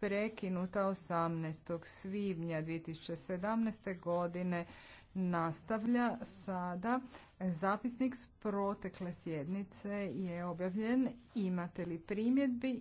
prekinuta 18. svibnja 2017. godine nastavlja sada. Zapisnik s protekle sjednice je objavljen. Imate li primjedbi?